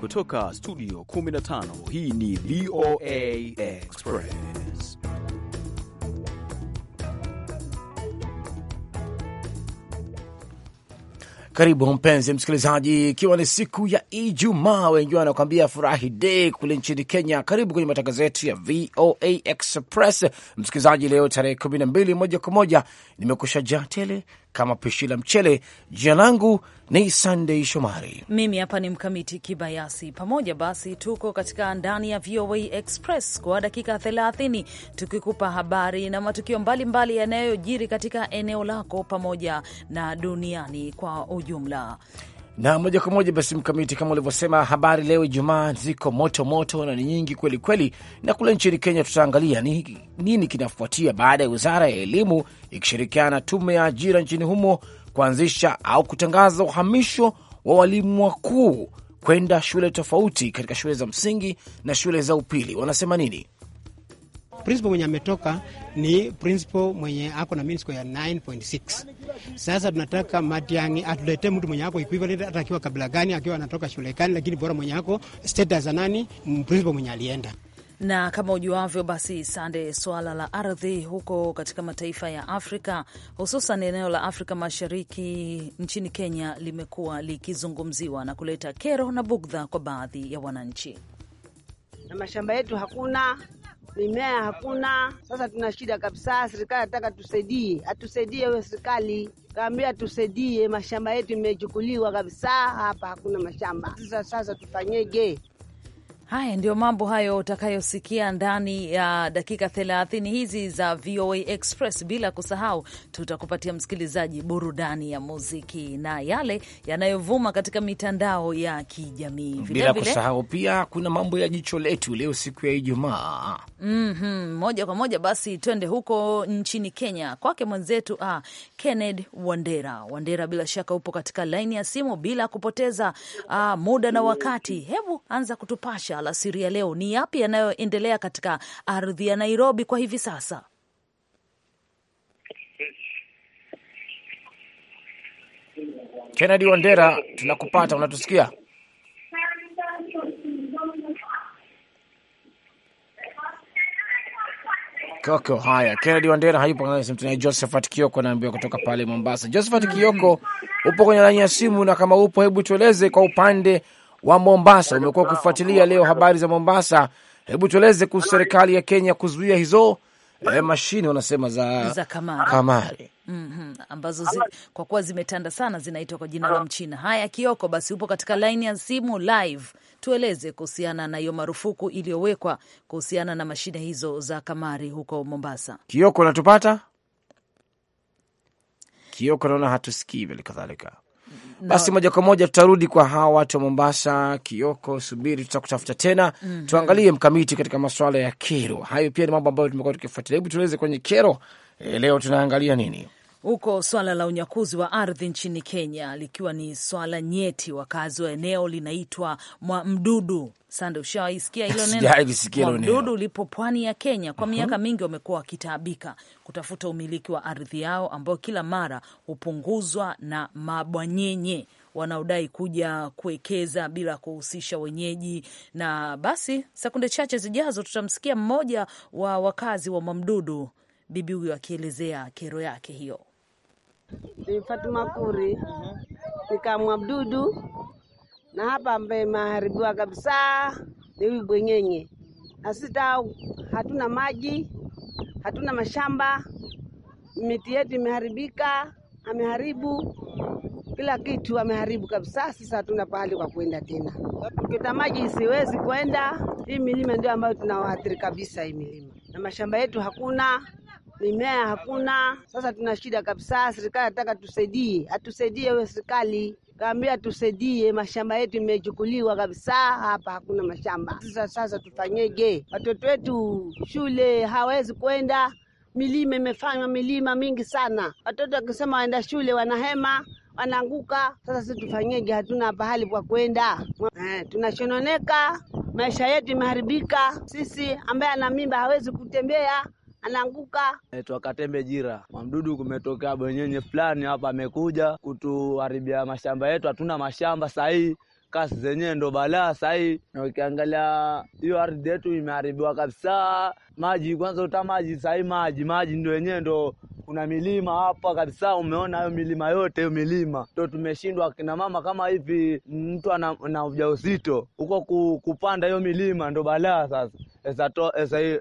Kutoka studio 15 hii ni VOA Express. Karibu mpenzi msikilizaji, ikiwa ni siku ya Ijumaa, wengi wanakuambia furahi dei kule nchini Kenya. Karibu kwenye matangazo yetu ya VOA Express msikilizaji, leo tarehe 12, moja kwa moja nimekusha jaa tele kama pishi la mchele. Jina langu ni Sunday Shomari, mimi hapa ni mkamiti kibayasi. Pamoja basi, tuko katika ndani ya VOA Express kwa dakika 30 tukikupa habari na matukio mbalimbali yanayojiri katika eneo lako pamoja na duniani kwa ujumla na moja kwa moja basi, Mkamiti, kama ulivyosema, habari leo Ijumaa ziko moto moto na ni nyingi kweli kweli, na kule nchini Kenya tutaangalia ni nini kinafuatia baada ya wizara ya elimu ikishirikiana na tume ya ajira nchini humo kuanzisha au kutangaza uhamisho wa walimu wakuu kwenda shule tofauti katika shule za msingi na shule za upili. Wanasema nini? principal mwenye ametoka ni principal mwenye ako na mean score ya 9.6. Sasa tunataka Matiang'i atulete mtu mwenye ako equivalent, hata akiwa kabila gani, akiwa anatoka shule gani, lakini bora mwenye ako status ya nani, principal mwenye alienda na kama ujuavyo basi, Sande, swala la ardhi huko katika mataifa ya Afrika hususan eneo la Afrika Mashariki nchini Kenya limekuwa likizungumziwa na kuleta kero na bugdha kwa baadhi ya wananchi. Na mashamba yetu hakuna, mimea hakuna. Sasa tuna shida kabisa. Serikali nataka tusaidie, atusaidie huyo serikali kaambia tusaidie, mashamba yetu imechukuliwa kabisa, hapa hakuna mashamba. Sasa sasa tufanyeje? Haya ndio mambo hayo utakayosikia ndani ya dakika thelathini hizi za VOA Express, bila kusahau tutakupatia msikilizaji burudani ya muziki na yale yanayovuma katika mitandao ya kijamii vile bila vile, kusahau pia kuna mambo ya jicho letu leo siku ya Ijumaa. mm -hmm, moja kwa moja basi twende huko nchini Kenya kwake mwenzetu ah, Kenneth Wandera. Wandera, bila shaka upo katika laini ya simu. Bila kupoteza ah, muda na wakati, hebu anza kutupasha alasiri ya leo, ni yapi yanayoendelea katika ardhi ya Nairobi kwa hivi sasa? Kennedy Wandera, tunakupata, unatusikia? Koko, haya. Kennedy Wandera hayupo, tunaye Josephat Kioko anaambiwa kutoka pale Mombasa. Josephat Kioko, upo kwenye laini ya simu, na kama upo, hebu tueleze kwa upande wa Mombasa, umekuwa ukifuatilia leo habari za Mombasa. Hebu tueleze kuhusu serikali ya Kenya kuzuia hizo E, mashine wanasema za, za kamari, kamari. Mm -hmm. Ambazo zi, kwa kuwa zimetanda sana zinaitwa kwa jina la Mchina. Haya, Kioko, basi upo katika laini ya simu live, tueleze kuhusiana na hiyo marufuku iliyowekwa kuhusiana na mashine hizo za kamari huko Mombasa. Kioko, unatupata? Kioko, naona hatusikii vile kadhalika. Basi moja kwa moja tutarudi kwa hawa watu wa Mombasa, Kioko Subiri, tutakutafuta tena mm -hmm. Tuangalie mkamiti katika masuala ya kero, hayo pia ni mambo ambayo tumekuwa tukifuatilia. Hebu tueleze kwenye kero, e, leo tunaangalia nini? huko swala la unyakuzi wa ardhi nchini Kenya likiwa ni swala nyeti, wakazi wa eneo linaitwa Mwamdudu. Sande, ushawaisikia hilo neno? ulipo pwani ya Kenya kwa uh-huh. miaka uh -huh. mingi wamekuwa wakitaabika kutafuta umiliki wa ardhi yao ambao kila mara hupunguzwa na mabwanyenye wanaodai kuja kuwekeza bila kuhusisha wenyeji. Na basi sekunde chache zijazo tutamsikia mmoja wa wakazi wa Mwamdudu, bibi huyo akielezea kero yake hiyo ni Fatuma Kuri nikamwa mdudu na hapa ambaye maharibiwa kabisa ni huyu Bwenyenye, asita. hatuna maji, hatuna mashamba, miti yetu imeharibika, ameharibu kila kitu, ameharibu kabisa. Sasa hatuna pahali kwa kuenda tena, kita maji isiwezi kwenda. Hii milima ndio ambayo tunawaathiri kabisa, hii milima na mashamba yetu hakuna mimea hakuna. Sasa tuna shida kabisa. Serikali nataka tusaidie, atusaidie we serikali kaambia tusaidie, mashamba yetu imechukuliwa kabisa, hapa hakuna mashamba. Sasa sasa tufanyeje? Watoto wetu shule hawezi kwenda, milima imefanywa milima mingi sana, watoto wakisema waenda shule wanahema wanaanguka. Sasa sisi tufanyeje? Hatuna pahali pa kwenda eh, tunashononeka, maisha yetu imeharibika. Sisi ambaye ana mimba hawezi kutembea anaanguka. Naitwa Katembe Jira. Mamdudu, kumetokea bonyenye fulani hapa, amekuja kutuharibia mashamba yetu, hatuna mashamba sahii kasi zenyewe ndo balaa sahii, na ukiangalia hiyo ardhi yetu imeharibiwa kabisa. Maji kwanza, uta maji sahii, maji maji ndo yenyewe ndo kuna milima hapa kabisa, umeona hayo milima yote, hiyo milima ndo tumeshindwa kina mama. Kama hivi mtu ana, ana ujauzito huko kupanda hiyo milima ndo balaa sasa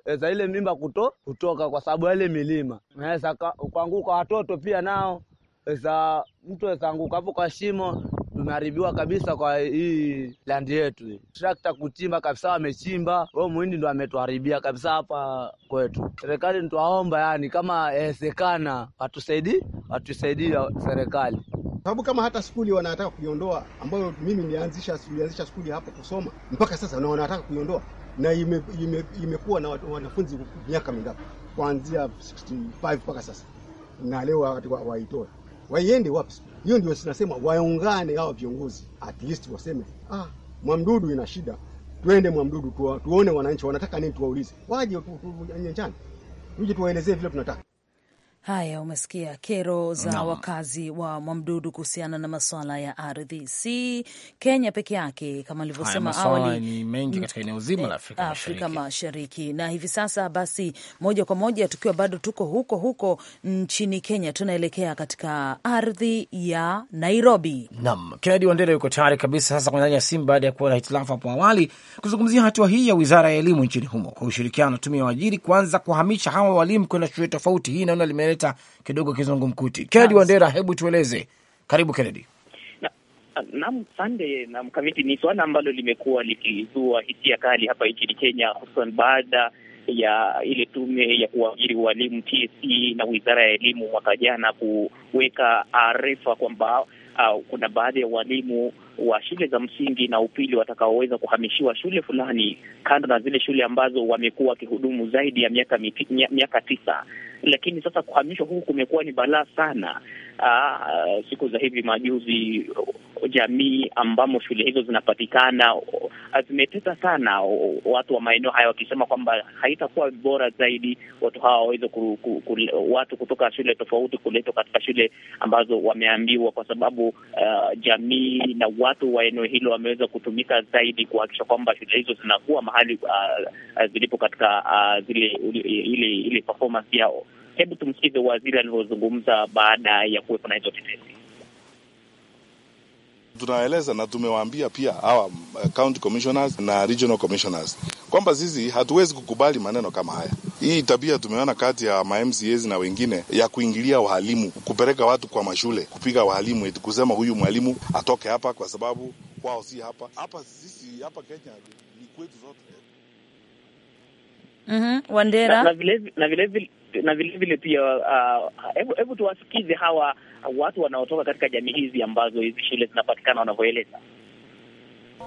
eza ile mimba kuto, kutoka kwa sababu ya ile milima naweza kuanguka watoto pia nao eza mtu weza anguka hapo kwa shimo tumeharibiwa kabisa kwa hii landi yetu. Trakta kuchimba kabisa, wamechimba wao, muhindi ndo ametuharibia kabisa hapa kwetu. Serikali nitwaomba, yani kama yawezekana, watusaidi watusaidia serikali sababu kama hata skuli wanataka kuiondoa, ambayo mimi nilianzisha nilianzisha skuli hapo kusoma mpaka sasa, na wanataka kuiondoa na imekuwa ime, ime na wanafunzi miaka mingapi kuanzia 65 mpaka sasa, na leo waitoe, waiende wapi? Hiyo ndio tunasema waungane hawa viongozi, at least waseme ah, Mwamdudu ina shida, twende Mwamdudu tuone wananchi wanataka nini, tuwaulize waje nyenjani, tuje tuwaelezee vile tunataka. Haya, umesikia kero za no. wakazi wa Mwamdudu kuhusiana na maswala ya ardhi. Si Kenya peke yake, kama alivyosema awali, ni mengi katika eneo zima la eh, Afrika, Afrika Mashariki. Na hivi sasa basi, moja kwa moja, tukiwa bado tuko huko huko nchini Kenya, tunaelekea katika ardhi ya Nairobi. Naam, Kennedy Wandera yuko tayari kabisa sasa kwenye ndani ya simu, baada ya kuwa na hitilafu hapo awali, kuzungumzia hatua hii ya wizara ya elimu nchini humo kwa ushirikiano tumia waajiri kuanza kuhamisha hawa walimu kwenda shule tofauti. Hii naona limeleta kuleta kidogo kizungumkuti. Kennedy Wandera, hebu tueleze. Karibu Kennedy. Naam, sande na mkamiti, ni suala ambalo limekuwa likizua hisia kali hapa nchini Kenya, hususan baada ya ile tume ya kuajiri walimu TSC e na wizara ya elimu mwaka jana kuweka arifa kwamba uh, kuna baadhi ya walimu wa shule za msingi na upili watakaoweza kuhamishiwa shule fulani kando na zile shule ambazo wamekuwa wakihudumu zaidi ya miaka miaka tisa lakini sasa kuhamishwa huku kumekuwa ni balaa sana, uh, siku za hivi majuzi jamii ambamo shule hizo zinapatikana zimeteta sana, watu wa maeneo haya wakisema kwamba haitakuwa bora zaidi watu hawa waweze ku, ku, ku, watu kutoka shule tofauti kuletwa katika shule ambazo wameambiwa, kwa sababu uh, jamii na watu wa eneo hilo wameweza kutumika zaidi kuhakikisha kwamba shule hizo zinakuwa mahali uh, zilipo katika uh, zile ile ile performance yao. Hebu tumsikize waziri alivyozungumza baada ya kuwepo na hizo tetesi. Tunaeleza na tumewaambia pia hawa uh, county commissioners na regional commissioners kwamba sisi hatuwezi kukubali maneno kama haya. Hii tabia tumeona kati ya ma MCAs na wengine ya kuingilia walimu, kupeleka watu kwa mashule, kupiga walimu, eti kusema huyu mwalimu atoke hapa kwa sababu kwao si hapa hapa. Sisi hapa Kenya ni kwetu zote. mm -hmm, Wandera na, na vile, vile na vilevile vile pia uh, hebu uh, tuwasikize hawa watu wanaotoka katika jamii hizi ambazo hizi shule zinapatikana wanavyoeleza.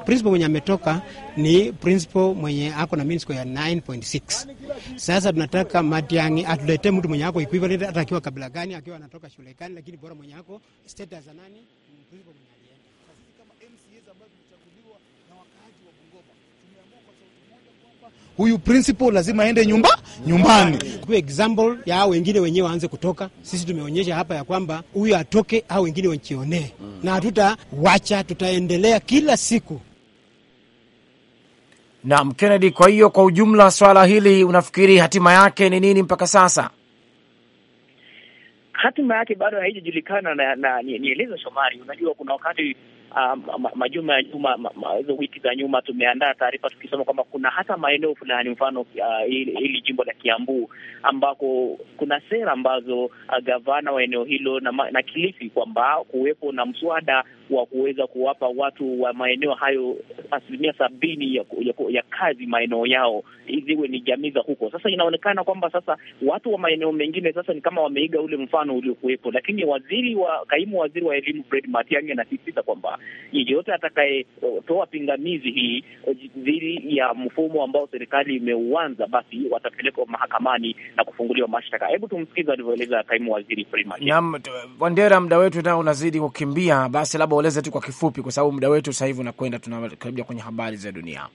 Principal mwenye ametoka ni principal mwenye ako na mean ya 9.6. Sasa tunataka Matiang'i atulete mtu mwenye ako equivalent hata akiwa kabila gani, akiwa anatoka shule gani, lakini bora mwenye ako status za nani, principal mwenye huyu principal lazima aende nyumba nyumbani. Kwa example ya hao wengine wenyewe waanze kutoka, sisi tumeonyesha hapa ya kwamba huyu atoke au wengine wajionee, mm. na hatutawacha, tutaendelea kila siku. Naam, Kennedy, kwa hiyo kwa ujumla swala hili unafikiri hatima yake ni nini mpaka sasa? Hatima yake bado haijajulikana, na na, Shomari, unajua kuna wakati Ah, majuma ya nyuma hizo wiki za nyuma tumeandaa taarifa tukisema kwamba kuna hata maeneo fulani, mfano hili ah, jimbo la Kiambu ambako kuna sera ambazo uh, gavana wa eneo hilo na, na Kilifi kwamba kuwepo na mswada wa kuweza kuwapa watu wa maeneo hayo asilimia sabini ya, ya, ya kazi maeneo yao, ziwe ni jamii za huko. Sasa inaonekana kwamba sasa watu wa maeneo mengine sasa ni kama wameiga ule mfano uliokuwepo, lakini waziri wa kaimu waziri wa elimu Fred Matiang'i anasisitiza kwamba yeyote atakayetoa pingamizi hii dhidi ya mfumo ambao serikali imeuanza, basi watapelekwa mahakamani na kufunguliwa mashtaka. Hebu tumsikize alivyoeleza kaimu waziri Fred Matiang'i. Naam, Wandera, muda wetu nao unazidi kukimbia, basi labda ueleze tu kwa kifupi, kwa sababu muda wetu sasa hivi unakwenda, tunakaribia kwenye habari za dunia.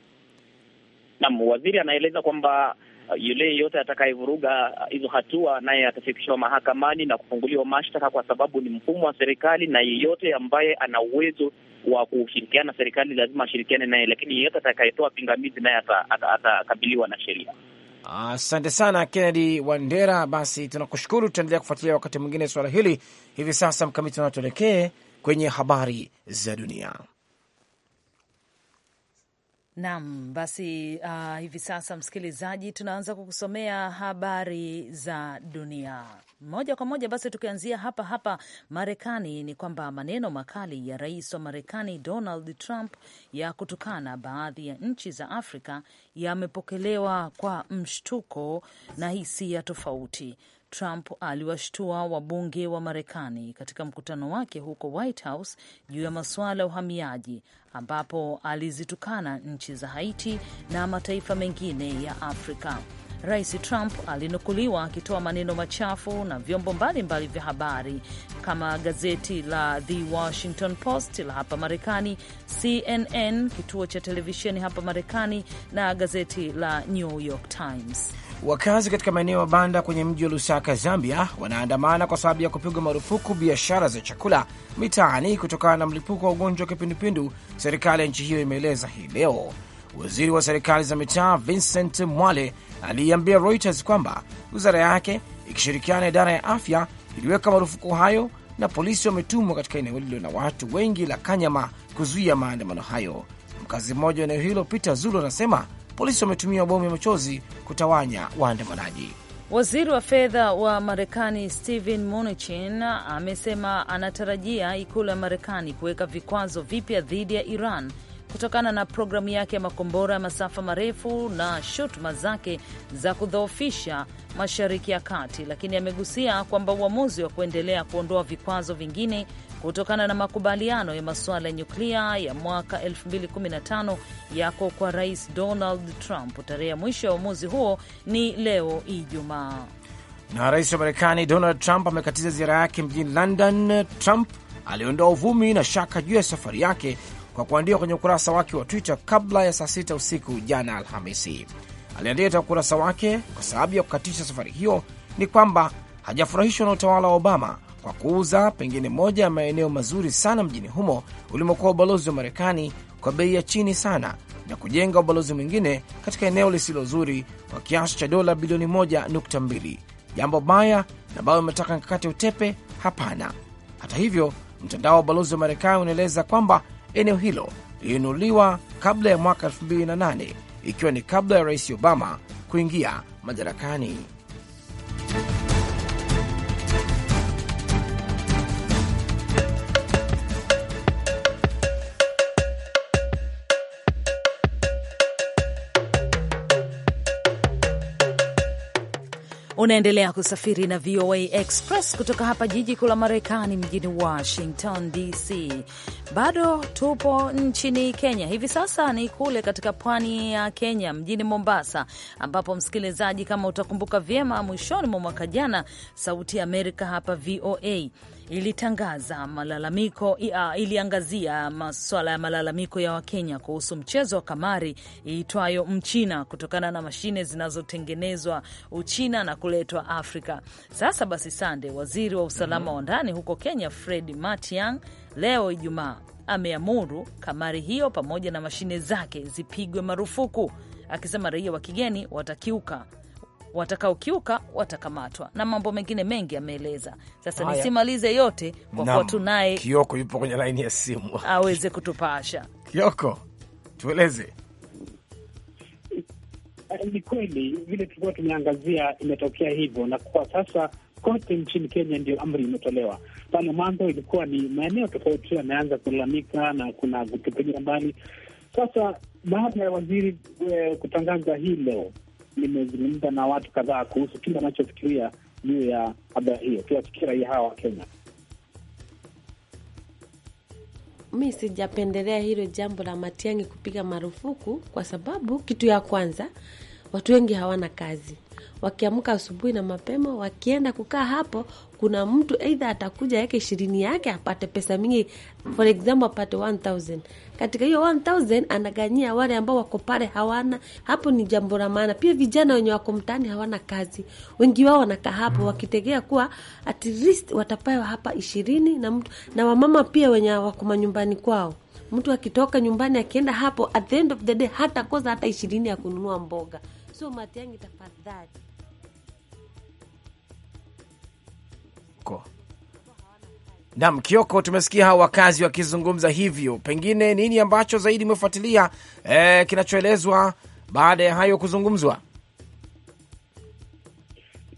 Naam, waziri anaeleza kwamba uh, yule yeyote atakayevuruga uh, hizo hatua naye atafikishwa mahakamani na kufunguliwa mashtaka, kwa sababu ni mfumo wa serikali, na yeyote ambaye ana uwezo wa kushirikiana na serikali lazima ashirikiane naye, lakini yeyote atakayetoa pingamizi naye atakabiliwa na sheria. Asante ah, sana Kennedy Wandera. Basi tunakushukuru, tutaendelea kufuatilia wakati mwingine suala hili. Hivi sasa mkamiti, na kwenye habari za dunia. Naam, basi uh, hivi sasa msikilizaji, tunaanza kukusomea habari za dunia moja kwa moja. Basi tukianzia hapa hapa Marekani, ni kwamba maneno makali ya rais wa Marekani Donald Trump ya kutukana baadhi ya nchi za Afrika yamepokelewa kwa mshtuko na hisia tofauti. Trump aliwashtua wabunge wa Marekani katika mkutano wake huko White House juu ya masuala ya uhamiaji, ambapo alizitukana nchi za Haiti na mataifa mengine ya Afrika. Rais Trump alinukuliwa akitoa maneno machafu na vyombo mbalimbali vya habari kama gazeti la The Washington Post la hapa Marekani, CNN, kituo cha televisheni hapa Marekani, na gazeti la New York Times. Wakazi katika maeneo ya banda kwenye mji wa Lusaka, Zambia, wanaandamana kwa sababu ya kupigwa marufuku biashara za chakula mitaani kutokana na mlipuko wa ugonjwa wa kipindupindu, serikali ya nchi hiyo imeeleza hii leo. Waziri wa serikali za mitaa Vincent Mwale aliiambia Reuters kwamba wizara yake ikishirikiana na idara ya afya iliweka marufuku hayo, na polisi wametumwa katika eneo lililo na watu wengi la Kanyama kuzuia maandamano hayo. Mkazi mmoja wa eneo hilo Peter Zulu anasema polisi wametumia bomu ya machozi kutawanya waandamanaji. Waziri wa fedha wa Marekani Steven Mnuchin amesema anatarajia ikulu ya Marekani kuweka vikwazo vipya dhidi ya Iran kutokana na programu yake ya makombora ya masafa marefu na shutuma zake za kudhoofisha Mashariki ya Kati, lakini amegusia kwamba uamuzi wa kuendelea kuondoa vikwazo vingine kutokana na makubaliano ya masuala ya nyuklia ya mwaka 2015 yako kwa Rais Donald Trump. Tarehe ya mwisho ya uamuzi huo ni leo Ijumaa. Na rais wa Marekani Donald Trump amekatiza ziara yake mjini London. Trump aliondoa uvumi na shaka juu ya safari yake kwa kuandika kwenye ukurasa wake wa Twitter kabla ya saa sita usiku jana Alhamisi. Aliandika katika ukurasa wake, kwa sababu ya kukatisha safari hiyo ni kwamba hajafurahishwa na utawala wa Obama kwa kuuza pengine moja ya maeneo mazuri sana mjini humo ulimokuwa ubalozi wa Marekani kwa bei ya chini sana na kujenga ubalozi mwingine katika eneo lisilo zuri kwa kiasi cha dola bilioni 1.2, jambo baya na ambayo imetaka mkakati utepe hapana. Hata hivyo, mtandao wa ubalozi wa Marekani unaeleza kwamba eneo hilo lilinunuliwa kabla ya mwaka 2008 ikiwa ni kabla ya Rais Obama kuingia madarakani. Unaendelea kusafiri na VOA Express kutoka hapa jiji kuu la Marekani, mjini Washington DC. Bado tupo nchini Kenya, hivi sasa ni kule katika pwani ya Kenya, mjini Mombasa, ambapo msikilizaji, kama utakumbuka vyema, mwishoni mwa mwaka jana, Sauti ya Amerika hapa VOA ilitangaza malalamiko ia, iliangazia masuala ya malalamiko ya Wakenya kuhusu mchezo wa kamari iitwayo Mchina kutokana na mashine zinazotengenezwa Uchina na kuletwa Afrika. Sasa basi, Sande, waziri wa usalama wa ndani huko Kenya Fred Matiang leo Ijumaa ameamuru kamari hiyo pamoja na mashine zake zipigwe marufuku, akisema raia wa kigeni watakiuka watakaokiuka watakamatwa na mambo mengine mengi ameeleza. Sasa nisimalize yote kwa kuwa tunaye Kioko, yupo kwenye laini ya simu aweze kutupasha. Kioko, tueleze. Eh, ni kweli vile tulikuwa tumeangazia, imetokea hivyo na kwa sasa kote nchini Kenya ndio amri imetolewa. Pale mwanzo ilikuwa ni maeneo tofauti yameanza kulalamika na kuna kutupilia mbali. Sasa baada ya waziri e, kutangaza hii leo nimezungumza na watu kadhaa kuhusu kile wanachofikiria juu ya habari hiyo, kiwafikia raia hawa wa Kenya. Mi sijapendelea hilo jambo la Matiang'i kupiga marufuku, kwa sababu kitu ya kwanza, watu wengi hawana kazi, wakiamka asubuhi na mapema, wakienda kukaa hapo, kuna mtu eidha atakuja aweke ishirini yake apate pesa mingi, for example apate 1000 katika hiyo 1000 anaganyia wale ambao wako pale hawana. Hapo ni jambo la maana. Pia vijana wenye wako mtaani hawana kazi, wengi wao wanakaa hapo wakitegea kuwa at least watapewa hapa ishirini na mtu na wamama pia wenye wako manyumbani kwao mtu akitoka nyumbani akienda hapo, at the end of the day hata koza hata ishirini ya kununua mboga. So Matiangi, tafadhali Nam Kioko, tumesikia hao wakazi wakizungumza hivyo, pengine nini ambacho zaidi umefuatilia e, eh, kinachoelezwa baada ya hayo kuzungumzwa?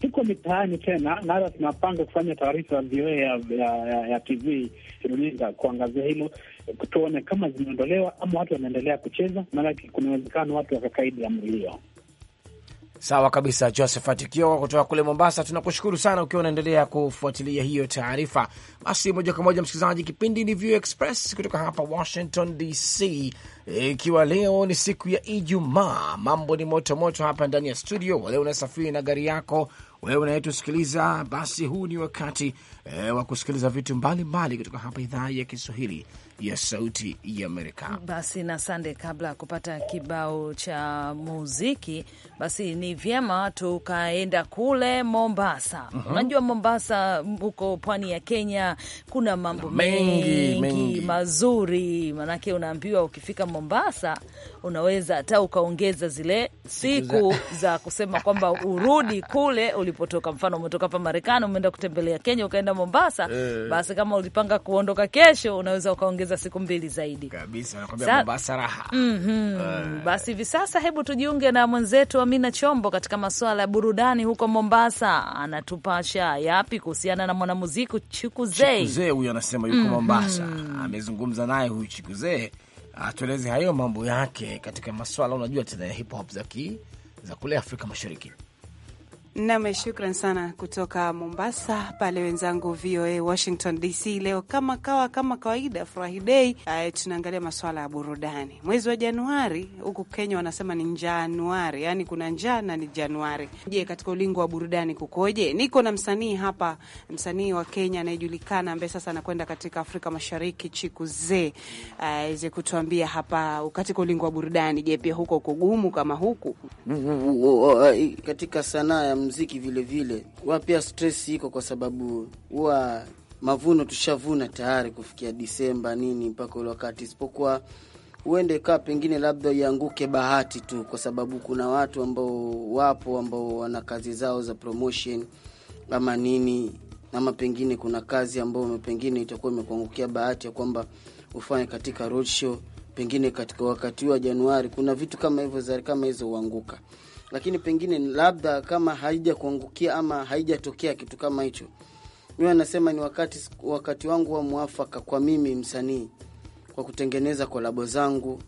Tuko mitaani tena nara tunapanga kufanya taarifa VOA ya, ya, ya TV runinga kuangazia hilo, tuone kama zimeondolewa ama watu wanaendelea kucheza, maanake kuna uwezekano watu wakakaidi amri hiyo. Sawa kabisa, Josephat Kioko kutoka kule Mombasa, tunakushukuru sana ukiwa unaendelea kufuatilia hiyo taarifa. Basi moja kwa moja, msikilizaji, kipindi ni View Express kutoka hapa Washington DC, ikiwa leo ni siku ya Ijumaa, mambo ni motomoto hapa ndani ya studio. Wale unasafiri na gari yako, wewe unayetusikiliza, basi huu ni wakati e, wa kusikiliza vitu mbalimbali kutoka hapa idhaa ya Kiswahili ya Sauti ya Amerika. Basi na sande, kabla ya kupata kibao cha muziki, basi ni vyema tukaenda kule Mombasa. mm -hmm. Unajua Mombasa huko pwani ya Kenya kuna mambo mengi, mengi mazuri, manake unaambiwa ukifika Mombasa unaweza hata ukaongeza zile siku za kusema kwamba urudi kule ulipotoka. Mfano umetoka hapa Marekani umeenda kutembelea Kenya ukaenda Mombasa e, basi kama ulipanga kuondoka kesho unaweza ukaongeza siku mbili zaidi kabisa. Nakwambia Mombasa raha. mm -hmm. E, basi hivi sasa hebu tujiunge na mwenzetu Amina Chombo katika masuala ya burudani huko Mombasa. Anatupasha yapi kuhusiana na mwanamuziki Chikuzee? Chikuzee huyu anasema yuko mm -hmm. Mombasa, amezungumza naye huyu Chikuzee atueleze hayo mambo yake katika maswala unajua tena ya hip hop za ki za kule Afrika Mashariki. Nam, shukran sana kutoka Mombasa pale wenzangu VOA Washington DC. Leo kama kawa kama kawaida Friday, uh, tunaangalia masuala ya burudani. Mwezi wa Januari huku Kenya wanasema ni Januari, yani kuna njaa na ni Januari. Je, katika ulingo wa burudani kukoje? Niko na msanii hapa, msanii wa Kenya anayejulikana ambaye sasa anakwenda katika Afrika Mashariki, Chiku Chikuze aweze uh, eh, kutuambia hapa katika ulingo wa burudani. Je, pia huko kugumu kama huku katika sanaa ya muziki vilevile, huwa pia stress iko kwa sababu huwa mavuno tushavuna tayari kufikia Disemba nini mpaka ule wakati, isipokuwa huende kaa pengine labda ianguke bahati tu, kwa sababu kuna watu ambao wapo ambao wana kazi zao za promotion ama nini ama pengine kuna kazi ambayo pengine itakuwa imekuangukia bahati ya kwamba ufanye katika roadshow pengine katika wakati wa Januari, kuna vitu kama hivyo za kama hizo huanguka, lakini pengine labda kama haija kuangukia ama haijatokea kitu kama hicho, mi anasema ni wakati wakati wangu wa mwafaka kwa mimi msanii kwa kutengeneza kolabo zangu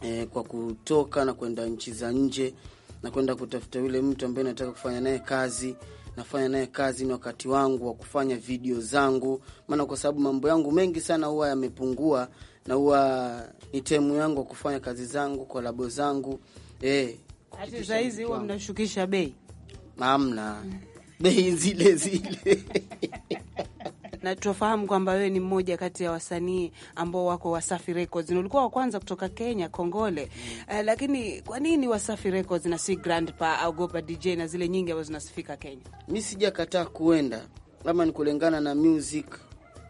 eh, kwa kutoka na kwenda nchi za nje na kwenda kutafuta yule mtu ambaye nataka kufanya naye kazi nafanya naye kazi. Ni wakati wangu wa kufanya video zangu, maana kwa sababu mambo yangu mengi sana huwa yamepungua na huwa ni temu yangu kufanya kazi zangu kwa labo zangu eh. Hata hizi huwa mnashukisha bei? Hamna mm. bei zile zile na tunafahamu kwamba wewe ni mmoja kati ya wasanii ambao wako Wasafi Records, na ulikuwa wa kwanza kutoka Kenya, Kongole. Uh, lakini kwa nini Wasafi Records na si Grandpa au Gopa DJ na zile nyingi ambazo zinasifika Kenya? Mi sijakataa kuenda, ama ni kulingana na music,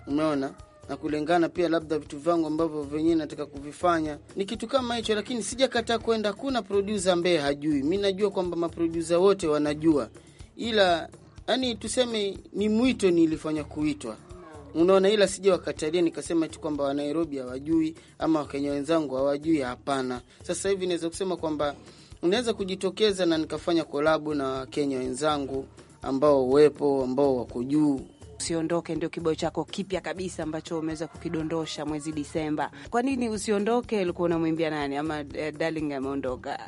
umeona na kulingana pia labda vitu vyangu ambavyo venyewe nataka kuvifanya ni kitu kama hicho, lakini sijakataa kwenda. Kuna produsa ambaye hajui, mi najua kwamba maprodusa wote wanajua, ila yani tuseme ni mwito nilifanya kuitwa Unaona, ila sija wakatalia nikasema tu kwamba Wanairobi hawajui ama Wakenya wenzangu hawajui. Hapana, sasa hivi naweza kusema kwamba unaweza kujitokeza na nikafanya kolabu na Wakenya wenzangu ambao wepo ambao wako juu Usiondoke ndio kibao chako kipya kabisa ambacho umeweza kukidondosha mwezi Disemba. Kwa nini usiondoke? Ulikuwa unamwimbia nani? Ama eh, darling ameondoka?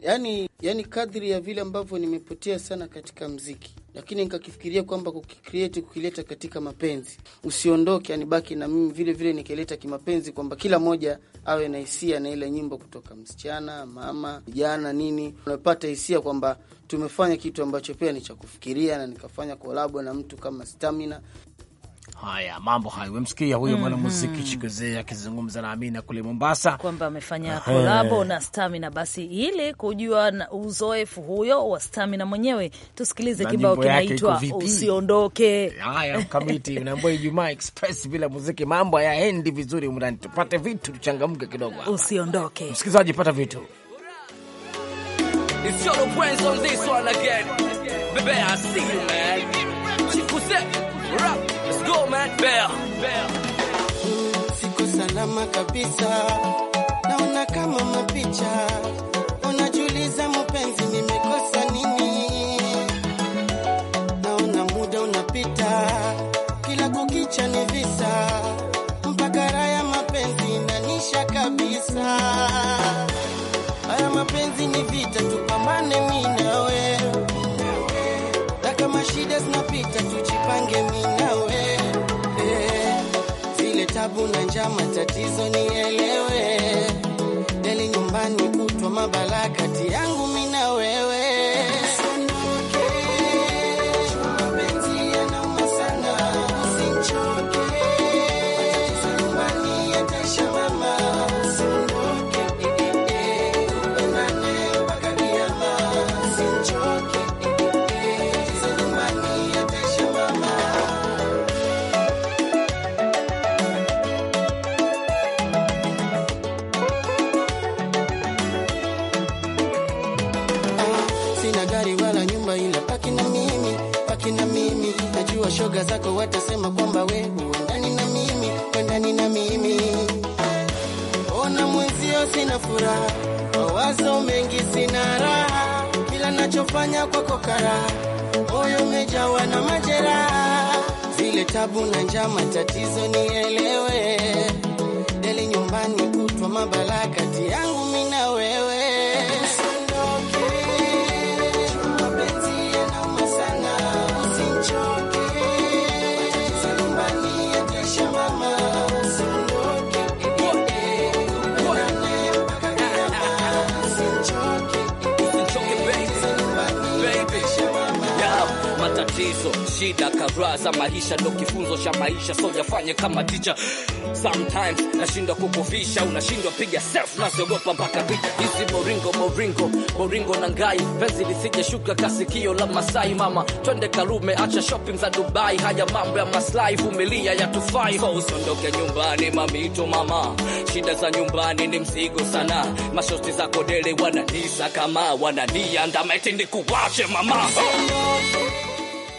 Yani, yani kadri ya vile ambavyo nimepotea sana katika mziki, lakini nikakifikiria kwamba kukicreate kukileta katika mapenzi. Usiondoke, yani baki na mimi vile vile nikileta kimapenzi, kwamba kila moja awe na hisia na ile nyimbo kutoka msichana, mama, vijana, nini, unapata hisia kwamba tumefanya kitu ambacho pia ni cha kufikiria, na nikafanya kolabo na mtu kama Stamina. Haya, mambo hayo. Umemsikia huyo mhm. mwanamuziki mm -hmm. akizungumza na Amina kule Mombasa kwamba amefanya kolabo na Stamina. Basi ili kujua uzoefu huyo wa Stamina mwenyewe, tusikilize kibao kinaitwa Usiondoke. Haya, Mkamiti unaambia Ijumaa Express bila muziki mambo hayaendi vizuri mndani. Tupate vitu tuchangamke kidogo, usiondoke msikilizaji, pata vitu It's go man, Bell. Bell. siko salama kabisa, naona kama mapicha, unajiuliza mpenzi, nimekosa nini? Naona muda unapita, kila kukicha ni visa, mpaka raya mapenzi inanisha kabisa. Haya mapenzi ni vita, tupambane mimi na wewe, na kama shida zinapita, tujipange mimi na wewe taabu na njama, matatizo nielewe, deli nyumbani kutwa mabala kati yangu mina mawazo mengi, sina raha, kila nachofanya kwako karaha, moyo umejawa na majeraha, vile tabu na njaa, matatizo nielewe, deli nyumbani kutwa mabala, kati yangu mina wewe shida kadhaa za maisha, ndo kifunzo cha maisha, so yafanye kama ticha. Sometimes nashindwa kukufisha, unashindwa piga self, naziogopa mpaka picha hizi. Moringo moringo moringo na ngai, penzi shuka kasikio la Masai. Mama twende Karume, acha shopping za Dubai, haya mambo ya maslahi, vumilia ya yatufai. So usiondoke nyumbani, mamito mama, shida za nyumbani ni mzigo sana, mashosti za kodele wananisa kama wananiandamaiti, ndikuwache mama oh.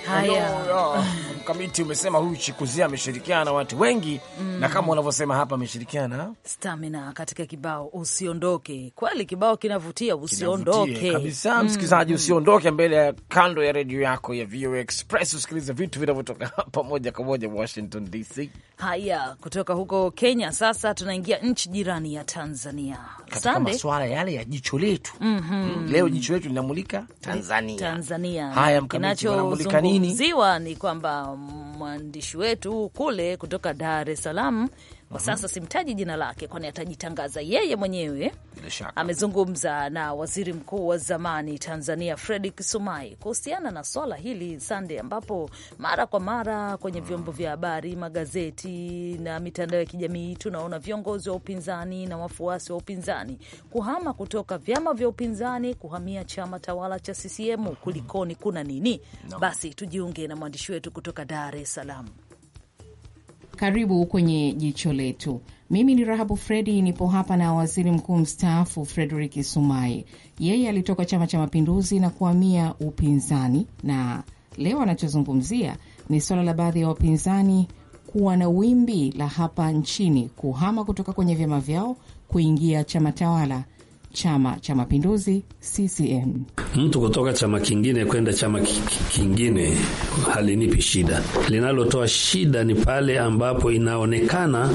系啊，Mkamiti, umesema huyu Chikuzia ameshirikiana na watu wengi mm, na kama unavyosema hapa ameshirikiana Stamina katika kibao usiondoke. Kweli kibao kinavutia, usiondoke, kinavutia kabisa. Mm. Msikilizaji, mm, usiondoke mbele ya kando ya redio yako ya VOA Express, usikilize vitu vinavyotoka hapa moja kwa moja Washington DC. Haya, kutoka huko Kenya sasa tunaingia nchi jirani ya Tanzania katika masuala yale ya jicho letu mhm. mm -hmm. Leo jicho letu linamulika Tanzania. Tanzania. Haya, Mkamiti, wanamulika nini? Kinachozungumziwa ni kwamba mwandishi wetu kule kutoka Dar es Salaam kwa sasa simtaji jina lake, kwani atajitangaza yeye mwenyewe. Amezungumza na waziri mkuu wa zamani Tanzania Fredrick sumai kuhusiana na swala hili Sande, ambapo mara kwa mara kwenye vyombo vya habari, magazeti na mitandao ya kijamii tunaona viongozi wa upinzani na wafuasi wa upinzani kuhama kutoka vyama vya upinzani kuhamia chama tawala cha CCM. Kulikoni? Kuna nini? No. Basi tujiunge na mwandishi wetu kutoka Dar es Salaam. Karibu kwenye jicho letu. Mimi ni Rahabu Fredi, nipo hapa na waziri mkuu mstaafu Frederik Sumaye. Yeye alitoka Chama cha Mapinduzi na kuhamia upinzani, na leo anachozungumzia ni suala la baadhi ya wapinzani kuwa na wimbi la hapa nchini kuhama kutoka kwenye vyama vyao kuingia chama tawala Chama cha Mapinduzi CCM. Mtu kutoka chama kingine kwenda chama kingine halinipi shida. Linalotoa shida ni pale ambapo inaonekana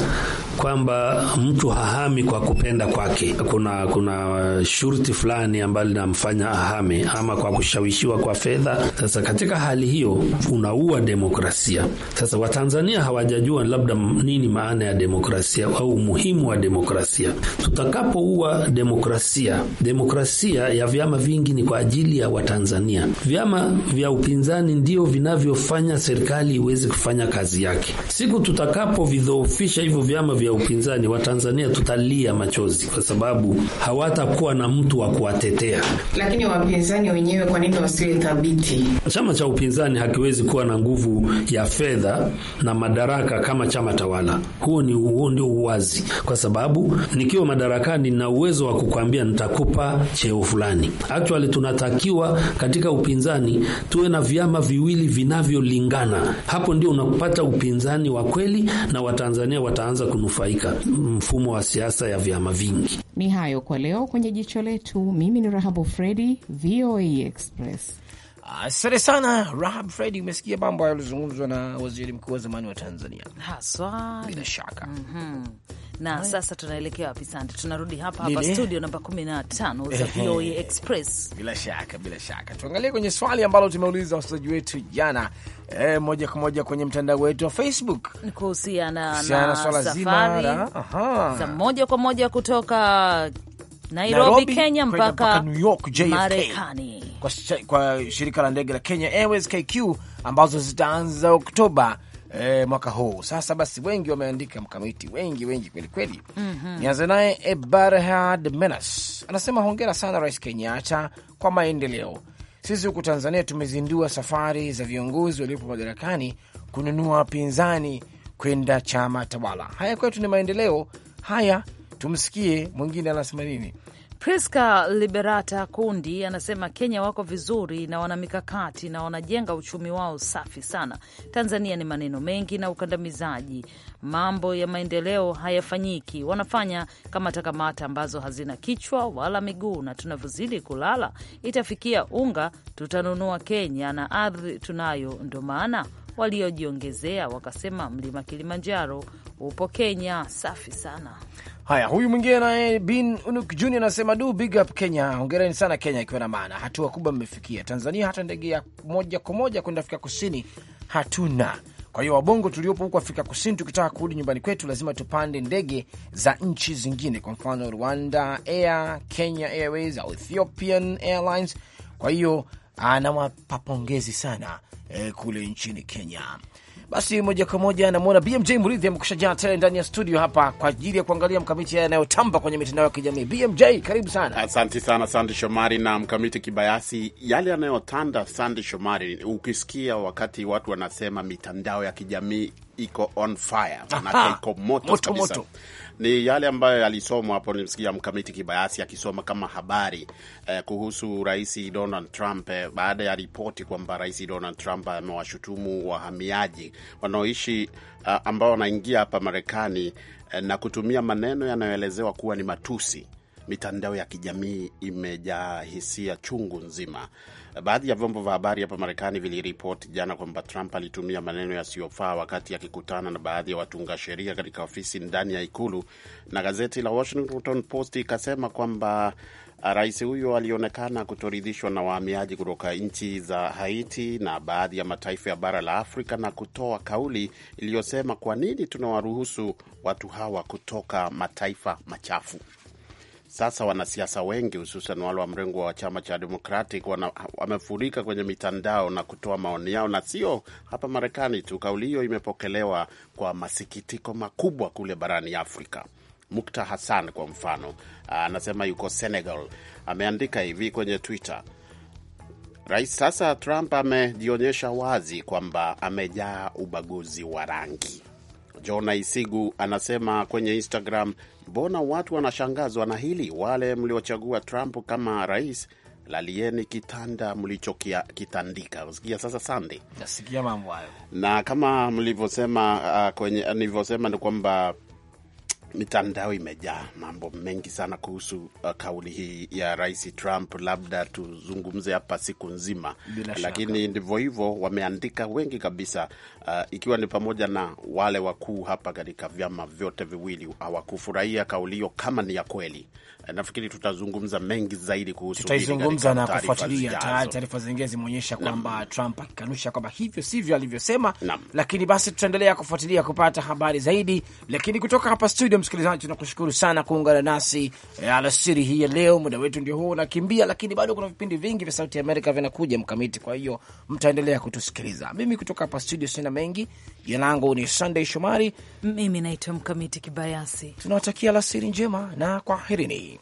kwamba mtu hahami kwa kupenda kwake. Kuna kuna shurti fulani ambalo linamfanya ahame, ama kwa kushawishiwa kwa fedha. Sasa katika hali hiyo unaua demokrasia. Sasa Watanzania hawajajua labda nini maana ya demokrasia au umuhimu wa demokrasia. Tutakapoua demokrasia demokrasia. Demokrasia ya vyama vingi ni kwa ajili ya Watanzania. Vyama vya upinzani ndio vinavyofanya serikali iweze kufanya kazi yake. Siku tutakapovidhoofisha hivyo vyama vya upinzani, Watanzania tutalia machozi, kwa sababu hawatakuwa na mtu wa kuwatetea. Lakini wapinzani wenyewe, kwa nini wasiwe thabiti? Chama cha upinzani hakiwezi kuwa na nguvu ya fedha na madaraka kama chama tawala. Huo ni huo ndio uwazi, kwa sababu nikiwa madarakani na uwezo wa kukwambia anamwambia nitakupa cheo fulani. Actually tunatakiwa katika upinzani tuwe na vyama viwili vinavyolingana. Hapo ndio unapata upinzani wa kweli na Watanzania wataanza kunufaika mfumo wa siasa ya vyama vingi. Ni hayo kwa leo kwenye jicho letu. Mimi ni Rahabu Fredi, VOA Express. Ah, asante sana Rahab Fredi. Umesikia mambo yalizungumzwa na waziri mkuu wa zamani wa Tanzania haswa, bila shaka mm -hmm. na Hai. Sasa tunaelekea wapi? Sante, tunarudi hapa hapa studio namba 15 za VOA e Express. Bila shaka, bila shaka, tuangalie kwenye swali ambalo tumeuliza wasikilizaji wetu jana E, moja kwa moja kwenye mtandao wetu wa Facebook kuhusiana na safari za moja kwa moja kutoka Nairobi, Nairobi Kenya mpaka New York, JFK Marekani kwa, kwa shirika la ndege la Kenya Airways KQ ambazo zitaanza Oktoba E, mwaka huu sasa. Basi wengi wameandika mkamiti, wengi wengi kweli kweli. mm -hmm. Nianze naye Eberhard Menas anasema hongera sana Rais Kenyatta kwa maendeleo. Sisi huku Tanzania tumezindua safari za viongozi waliopo madarakani kununua wapinzani kwenda chama tawala. Haya kwetu ni maendeleo haya. Tumsikie mwingine anasema nini. Priska Liberata Kundi anasema Kenya wako vizuri na wana mikakati na wanajenga uchumi wao safi sana. Tanzania ni maneno mengi na ukandamizaji, mambo ya maendeleo hayafanyiki, wanafanya kamata kamata ambazo hazina kichwa wala miguu, na tunavyozidi kulala itafikia unga tutanunua Kenya na ardhi tunayo, ndo maana waliojiongezea wakasema mlima Kilimanjaro upo Kenya. Safi sana. Haya, huyu mwingine naye Bin Unuk Junior anasema du, big up Kenya, hongereni sana Kenya, ikiwa na maana hatua kubwa mmefikia. Tanzania hata ndege ya moja kwa moja kwenda Afrika Kusini hatuna. Kwa hiyo wabongo tuliopo huko Afrika Kusini, tukitaka kurudi nyumbani kwetu lazima tupande ndege za nchi zingine, kwa mfano Rwanda Air, Kenya Airways au Ethiopian Airlines. Kwa hiyo anawapa ah, pongezi sana eh, kule nchini Kenya. Basi moja kwa moja namwona BMJ Murithi amekusha jaa tele ndani ya studio hapa kwa ajili ya kuangalia mkamiti yanayotamba kwenye mitandao ya kijamii. BMJ, karibu sana. Asante sana Sandi Shomari na mkamiti kibayasi. Yale yanayotanda Sandi Shomari, ukisikia wakati watu wanasema mitandao ya kijamii iko on fire, manake iko moto, moto kabisa moto ni yale ambayo yalisomwa hapo. nimsikia mkamiti Kibayasi akisoma kama habari eh, kuhusu Rais Donald Trump eh, baada ya ripoti kwamba Rais Donald Trump amewashutumu wahamiaji wanaoishi eh, ambao wanaingia hapa Marekani eh, na kutumia maneno yanayoelezewa kuwa ni matusi mitandao ya kijamii imejaa hisia chungu nzima. Baadhi ya vyombo vya habari hapa Marekani viliripoti jana kwamba Trump alitumia maneno yasiyofaa wakati akikutana na baadhi ya watunga sheria katika ofisi ndani ya Ikulu, na gazeti la Washington Post ikasema kwamba uh, rais huyo alionekana kutoridhishwa na wahamiaji kutoka nchi za Haiti na baadhi ya mataifa ya bara la Afrika na kutoa kauli iliyosema, kwa nini tunawaruhusu watu hawa kutoka mataifa machafu? Sasa wanasiasa wengi hususan wale wa mrengo wa chama cha Democratic wamefurika kwenye mitandao na kutoa maoni yao, na sio hapa Marekani tu. Kauli hiyo imepokelewa kwa masikitiko makubwa kule barani Afrika. Mukta Hassan kwa mfano, anasema yuko Senegal, ameandika hivi kwenye Twitter: Rais sasa Trump amejionyesha wazi kwamba amejaa ubaguzi wa rangi. Jona Isigu anasema kwenye Instagram, mbona watu wanashangazwa na hili? Wale mliochagua Trump kama rais lalieni kitanda mlichokitandika. sikia sasa, Sande, nasikia mambo hayo, na kama mlivyosema, uh, kwenye nilivyosema ni kwamba Mitandao imejaa mambo mengi sana kuhusu uh, kauli hii ya Rais Trump. Labda tuzungumze hapa siku nzima, lakini ndivyo hivyo, wameandika wengi kabisa uh, ikiwa ni pamoja na wale wakuu hapa katika vyama vyote viwili hawakufurahia kauli hiyo kama ni ya kweli, nafikiri tutazungumza mengi zaidi kuhusu, tutaizungumza na kufuatilia. Tayari taarifa zingine zimeonyesha kwamba Trump akikanusha kwamba hivyo sivyo alivyosema, lakini basi tutaendelea kufuatilia kupata habari zaidi. Lakini kutoka hapa studio, msikilizaji, tunakushukuru sana kuungana nasi eh, alasiri hii ya leo. Muda wetu ndio huo unakimbia, lakini bado kuna vipindi vingi vya Sauti ya Amerika vinakuja mkamiti, kwa hiyo mtaendelea kutusikiliza. Mimi kutoka hapa studio sina mengi. Jina langu ni Sunday Shomari, mimi naitwa Mkamiti Kibayasi. Tunawatakia alasiri njema na kwaherini.